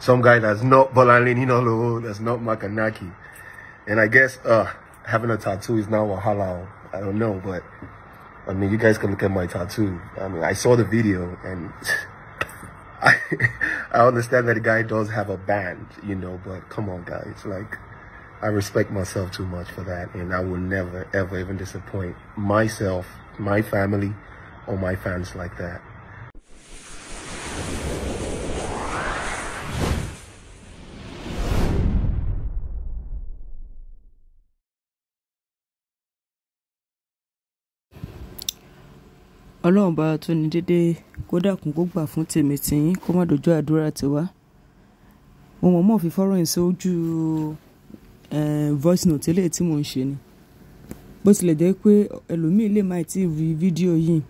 some guy that's not Bolaninolo, that's not Makanaki. And I guess uh, having a tattoo is now a halal. I don't know, but I mean, you guys can look at my tattoo. I mean, I saw the video and I, I understand that the guy does have a band, you know, but come on, guys. Like, I respect myself too much for that. And I will never, ever even disappoint myself, my family, or my fans like that. ọlọ́run bá tó ní dédé kó dákun kó gbà fún tèmi tìyín kó má dojú àdúrà tiwa mo mọ̀ mọ́ fi fọ́rọ̀ yìí sójú voice note eléyìí tí mò ń ṣe ni bó tilẹ̀ jẹ́ pé ẹlòmíì lè má ti rí fídíò yìí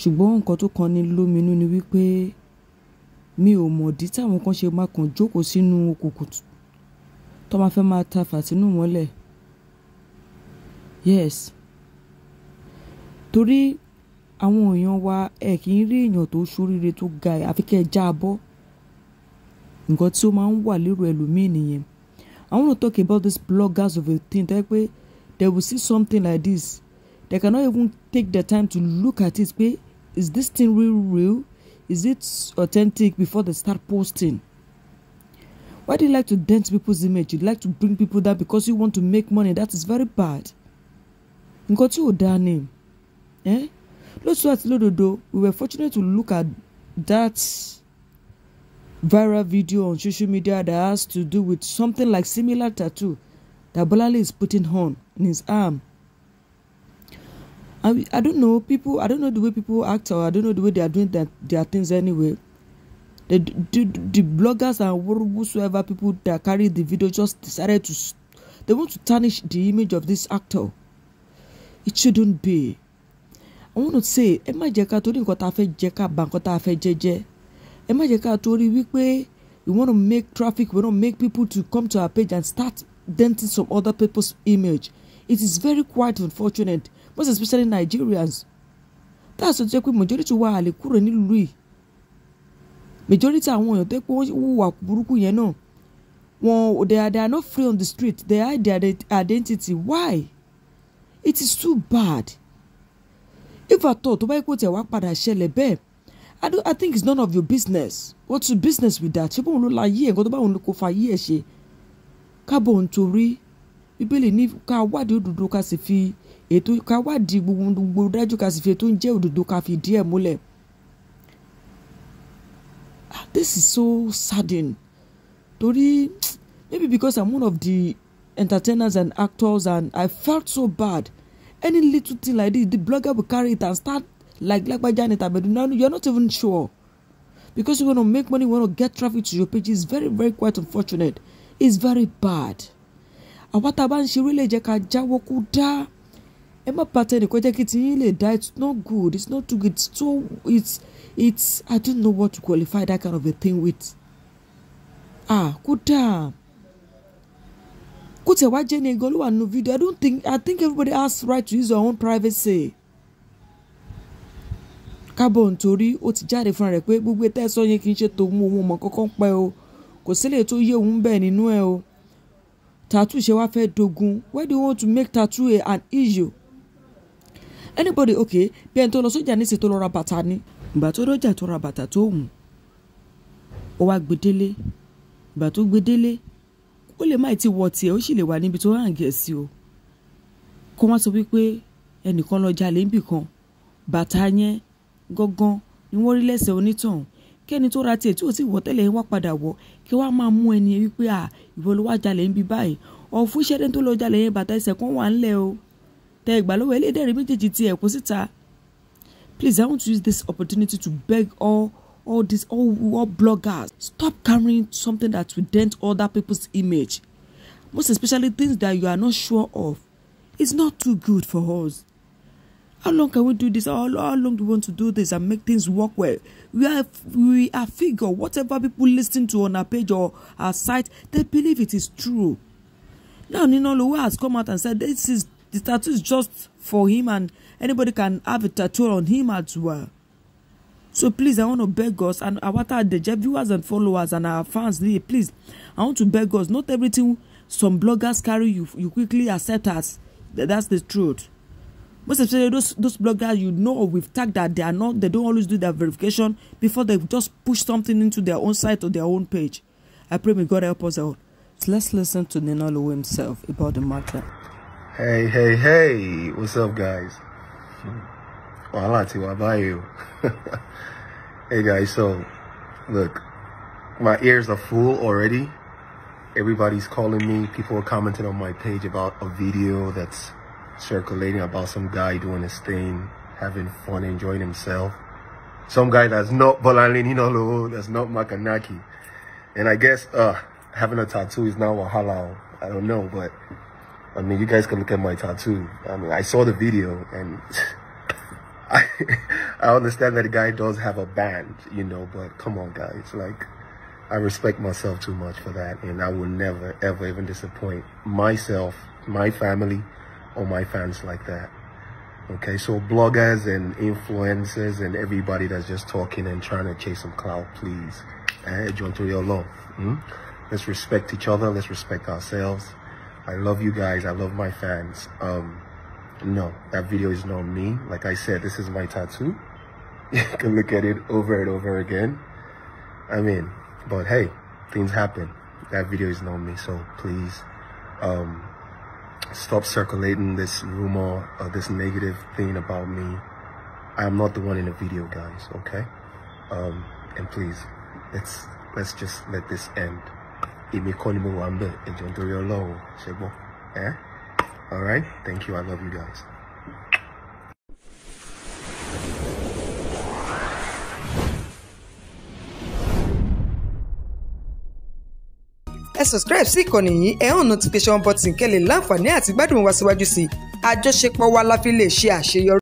ṣùgbọ́n nǹkan tó kan ní lóminú ni wípé mi ò mọ̀dí táwọn kan ṣe máa kàn jókòó sínú òkùnkùn tó máa fẹ́ máa ta fàtínú mọ́lẹ̀ yes torí àwọn èèyàn wa ẹ kì í rí èèyàn tó ṣoríire tó ga ẹ àfi kẹ́ ẹ já a bọ́ nǹkan tí ó máa ń wà lérò ẹlòmíì nìyẹn I want to talk about these bloggers of a thing tẹ́ pé they will see something like this they cannot even take the time to look at it pé is this thing real real is it authentic before they start posting why do you like to dent people's image you like to bring people down because you want to make money that is very bad nǹkan tí ò dáa ni. Eh? Lotso at Lododo, we were fortunate to look at that viral video on social media that has to do with something like similar tattoo that Bolale is putting on in his arm. I, I don't know people. I don't know the way people act, or I don't know the way they are doing their, their things anyway. The, the, the bloggers and whosoever people that carry the video just decided to they want to tarnish the image of this actor. It shouldn't be. I want to say ẹ má jẹ́ ká torí nǹkan tá a fẹ́ jẹ́ ká bà nǹkan tá a fẹ́ jẹ́ ẹ má jẹ́ ká torí wípé we want to make traffic we want to make people to come to our page and start denting some other people's image it is very quite unfortunate most especially Nigerians tá a sọ jẹ́ pé majority wa àlè kúrò nílùú yìí majority àwọn èèyàn tó pé wọ́n hùwà burúkú yẹn náà wọn they are they are not free on the street they hide their identity why it is too bad if at all tó bá yẹ kó tiẹ̀ wá padà ṣẹlẹ̀ bẹ́ẹ̀ I, do, I think it's none of your business what's your business with that ṣé bóun ló la yí ẹ̀ nǹkan tó bá òun kò fa yí ẹ̀ ṣe kábọ̀ òun torí bíbélì ní ká wádìí òdodo ká sì fi ètò ká wádìí gbogbo dájú ká sì fi ètò ń jẹ́ òdodo ká fi díẹ̀ múlẹ̀ ah, this is so saddening torí maybe because I'm one of the entertainers and actors and I felt so bad any little thing like this the blogger will carry it and start like lagbaja Janet. but now you're not even sure because you want to make money you want to get traffic to your page it's very very quite unfortunate it's very bad àwa tá a bá ń ṣe orílẹ̀ jẹ́ ká jáwọ́ kú dá ẹ má bàtà ẹnìkan jẹ́ kí tiyín lè dá it's not good it's not too good it's too it's it's I don't know what to qualify that kind of a thing with ah kú dá. kó tiẹ̀ wá jẹ́ ní ẹ̀gọ́ ló nínú fídíò I don't think I think everybody has right to use their own privacy. kábọ̀ nítorí ó ti jáde fúnra rẹ̀ pé gbogbo ètò ẹ̀sọ́ yẹn kì í ṣe tòun òun ọmọ o kò sílẹ̀ tó yé òun bẹ́ẹ̀ nínú o tattoo ṣe dogun where do you want to make tattoo a an issue anybody okay bí ẹni tó lọ sójà níṣẹ́ tó lọ ra ni ìgbà tó tó ra bàtà tó ó gbedele ìgbà tó gbedele ó lè má ti wọ tiẹ̀ ó sì lè wà níbi tó hàn gẹ̀ sí o kó wọ́n sọ wípé ẹnìkan lọ jalè ń bì kan bàtà yẹn gángan ni wọ́n rí lẹ́sẹ̀ onítàn kẹ́ni tó ra tiẹ̀ tí ò sì wọ̀ tẹ́lẹ̀ wá padà wọ̀ kí wọ́n á máa mú ẹni yẹn wípé à ìwọ ló wá jalè ń bi báyìí ọ̀fun ṣẹ́ni tó lọ jalè yẹn bàtà ẹsẹ̀ kan wà ńlẹ̀ o tẹ ìgbàlówó ẹlẹ́dẹ̀rẹ́ méjèèjì ti ẹ̀kọ́ síta Please, I want to use this opportunity to beg all all these all, all bloggers stop carrying something that will dent other people's image most especially things that you are not sure of it's not too good for us how long can we do this how, how long do we want to do this and make things work well we are we are figure whatever people listen to on our page or our site they believe it is true now Nino lowe has come out and said this is the tattoo is just for him and anybody can have a tattoo on him as well So please, I want to beg us and our Deje viewers and followers and our fans, please, I want to beg us. Not everything some bloggers carry you, you quickly accept us. That's the truth. Most especially those those bloggers you know we've tagged that they are not they don't always do their verification before they just push something into their own site or their own page. I pray may God help us all. So let's listen to Ninalo himself about the matter. Hey, hey, hey, what's up guys? Hmm. buy you? hey guys, so look, my ears are full already. Everybody's calling me. People are commenting on my page about a video that's circulating about some guy doing his thing, having fun, enjoying himself. Some guy that's not Bolaninolo, that's not Makanaki. And I guess uh, having a tattoo is now a halal. I don't know, but I mean, you guys can look at my tattoo. I mean, I saw the video and I, I understand that the guy does have a band, you know, but come on, guys. Like, I respect myself too much for that. And I will never, ever even disappoint myself, my family, or my fans like that. Okay, so bloggers and influencers and everybody that's just talking and trying to chase some clout, please. Eh, John your love. Hmm? Let's respect each other. Let's respect ourselves. I love you guys. I love my fans. Um, no, that video is not me. Like I said, this is my tattoo. you can look at it over and over again. I mean, but hey, things happen. That video is not me, so please um, stop circulating this rumor or this negative thing about me. I'm not the one in the video, guys, okay? Um, and please, let's let's just let this end. All right. Thank you. I love you guys. ẹ subscribe sí ìkànnì yìí ẹ hàn notification button kẹ́ láǹfààní àti gbádùn wa síwájú sí i àjọṣepọ̀ wa la fi lè ṣe àṣeyọrí.